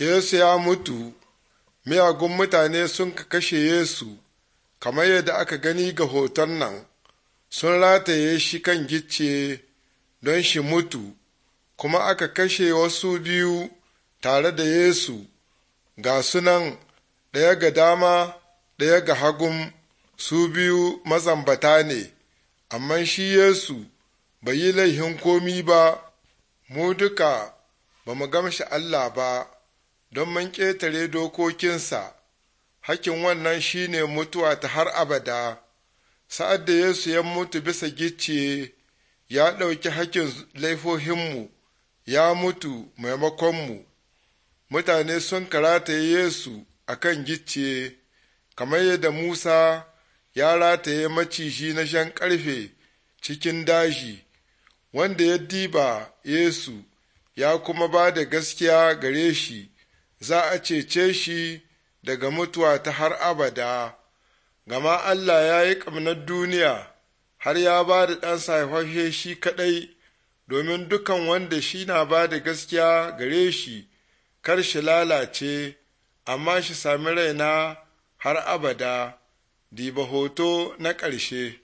Yesu ya mutu, miyagun mutane sun ka kashe Yesu, kamar yadda aka gani ga hoton nan, sun rataye shi kan gicce don shi mutu, kuma aka kashe wasu biyu tare da Yesu, ga sunan ɗaya ga dama, ɗaya ga hagun, su biyu mazambata ne, amma shi Yesu bai yi laihin komi ba, mu duka ba mu gamshi Allah ba. don mun ƙetare dokokinsa, hakin wannan shi ne mutuwa ta har abada, sa'ad da Yesu ya mutu bisa gicce ya ɗauki hakin laifohinmu, ya mutu maimakonmu. Mutane sun karataye Yesu a kan gicciye, kamar yadda Musa ya rataye maciji na shan ƙarfe cikin daji, wanda ya diba Yesu ya kuma ba da gaskiya gare shi. za a cece shi daga mutuwa ta har abada, gama Allah ya yi ƙamnar duniya har ya ba da ɗansa haifashe shi kaɗai domin dukan wanda shi na ba da gaskiya gare shi, kar shi lalace, amma shi sami raina har abada, diba hoto na ƙarshe.